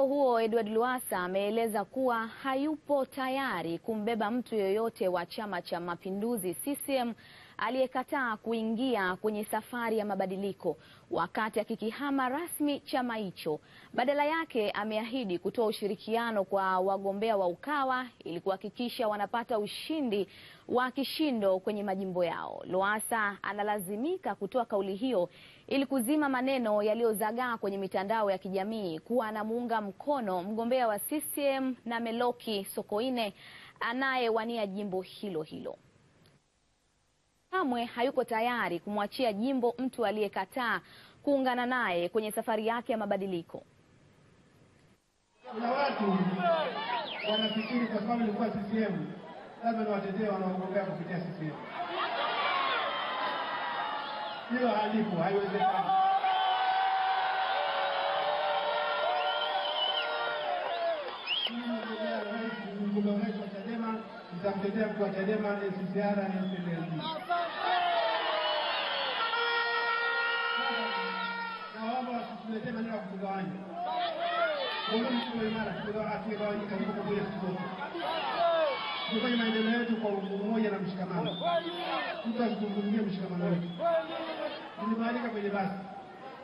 huo huo, Edward Lowassa ameeleza kuwa hayupo tayari kumbeba mtu yoyote wa Chama cha Mapinduzi CCM aliyekataa kuingia kwenye safari ya mabadiliko wakati akikihama rasmi chama hicho. Badala yake ameahidi kutoa ushirikiano kwa wagombea wa Ukawa ili kuhakikisha wanapata ushindi wa kishindo kwenye majimbo yao. Lowassa analazimika kutoa kauli hiyo ili kuzima maneno yaliyozagaa kwenye mitandao ya kijamii kuwa anamuunga mkono mgombea wa CCM meloki Sokoine anayewania jimbo hilo hilo kamwe hayuko tayari kumwachia jimbo mtu aliyekataa kuungana naye kwenye safari yake ya mabadiliko. Kuna watu wanafikiri kwa sababu ilikuwa CCM lazima niwatetee wanaogombea kupitia CCM. Hilo halipo, haiwezekani. Mgombea urais, nitamtetea mtu wa Chadema anayesiara anayependezi. Naomba wasituletee maneno ya kutugawanya. tufanye maendeleo yetu kwa umoja na mshikamano. Mtu azungumzie mshikamano wetu. Nilimwalika kwenye basi,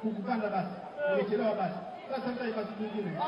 ukupanda basi, umechelewa basi, sasa basi nyingine